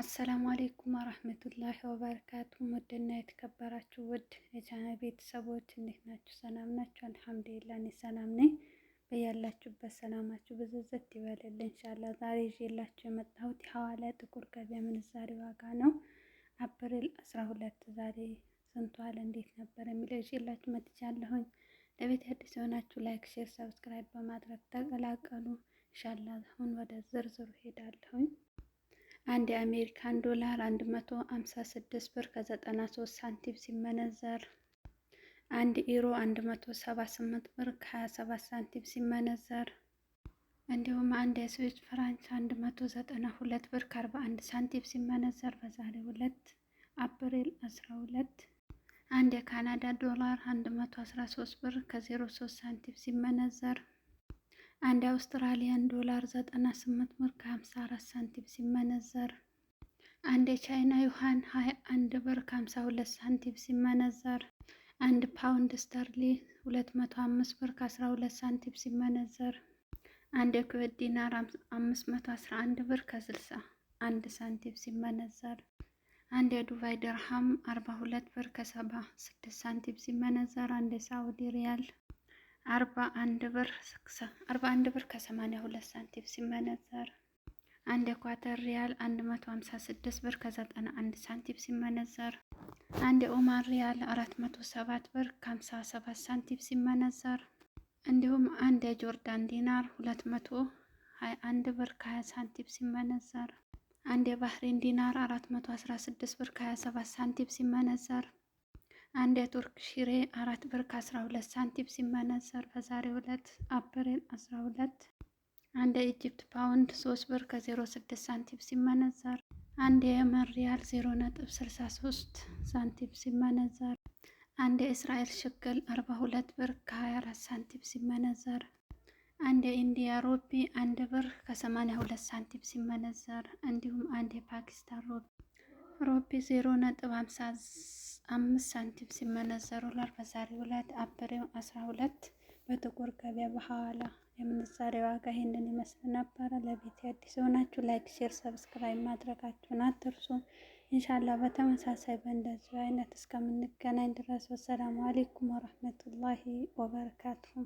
አሰላሙ አሌይኩም ወረህመቱላሂ ወበረካቱ። ውድና የተከበራችሁ ውድ የቻናል ቤተሰቦች እንዴት ናችሁ? ሰላም ናችሁ? አልሐምዱሊላህ እኔ ሰላም ነኝ። በያላችሁበት ሰላማችሁ ብዝዝት ይበልል። እንሻላ ዛሬ ይዤላችሁ የመጣሁት የሐዋላ ጥቁር ገበያ ምንዛሬ ዋጋ ነው። አፕሪል 12 ዛሬ ስንት ዋለ፣ እንዴት ነበር የሚለው ይዤላችሁ መጥቻለሁኝ። ለቤት አዲስ የሆናችሁ ላይክ፣ ሼር፣ ሰብስክራይብ በማድረግ ተቀላቀሉ። እንሻላ አሁን ወደ ዝርዝሩ ሄዳለሁኝ። አንድ የአሜሪካን ዶላር 156 ብር ከ93 ሳንቲም ሲመነዘር አንድ ኢሮ 178 ብር ከ27 ሳንቲም ሲመነዘር እንዲሁም አንድ የስዊስ ፍራንክ 192 ብር ከ41 ሳንቲም ሲመነዘር በዛሬ ዕለት አፕሪል 12 አንድ የካናዳ ዶላር 113 ብር ከ03 ሳንቲም ሲመነዘር አንድ አውስትራሊያን ዶላር 98 ብር ከ54 ሳንቲም ሲመነዘር አንድ የቻይና ዩሃን 21 ብር ከ52 ሳንቲም ሲመነዘር አንድ ፓውንድ ስተርሊ 205 ብር ከ12 ሳንቲም ሲመነዘር አንድ የኩዌት ዲናር 511 ብር ከ61 ሳንቲም ሲመነዘር አንድ የዱባይ ድርሃም 42 ብር ከ76 ሳንቲም ሲመነዘር አንድ የሳዑዲ ሪያል አርባ አንድ ብር አርባ አንድ ብር ከሰማንያ ሁለት ሳንቲም ሲመነዘር አንድ የኳተር ሪያል 156 ብር ከ91 ሳንቲም ሲመነዘር አንድ የኦማን ሪያል 407 ብር ከ57 ሳንቲም ሲመነዘር እንዲሁም አንድ የጆርዳን ዲናር 221 ብር ከ20 ሳንቲም ሲመነዘር አንድ የባህሬን ዲናር 416 ብር ከ27 ሳንቲም ሲመነዘር አንድ የቱርክ ሺሬ አራት ብር ከ12 ሳንቲም ሲመነዘር በዛሬው ዕለት አፕሪል 12 አንድ የኢጅፕት ፓውንድ 3 ብር ከ06 ሳንቲም ሲመነዘር አንድ የየመን ሪያል 0.63 ሳንቲም ሲመነዘር አንድ የእስራኤል ሽክል 42 ብር ከ24 ሳንቲም ሲመነዘር አንድ የኢንዲያ ሮቢ አንድ ብር ከ82 ሳንቲም ሲመነዘር እንዲሁም አንድ የፓኪስታን ሮቢ ሮቢ 0.50 አምስት ሳንቲም ሲመነዘሩ ዶላር በዛሬው ዕለት አበሬው 12 በጥቁር ገበያ በሐዋላ የምንዛሬ ዋጋ ይህንን ይመስል ነበረ። ለቤት አዲስ የሆናችሁ ላይክ፣ ሼር፣ ሰብስክራይብ ማድረጋችሁን አትርሱ። እንሻላ በተመሳሳይ በእንደዚሁ አይነት እስከምንገናኝ ድረስ ወሰላሙ አሌይኩም ወረህመቱላሂ ወበረካቱሁ።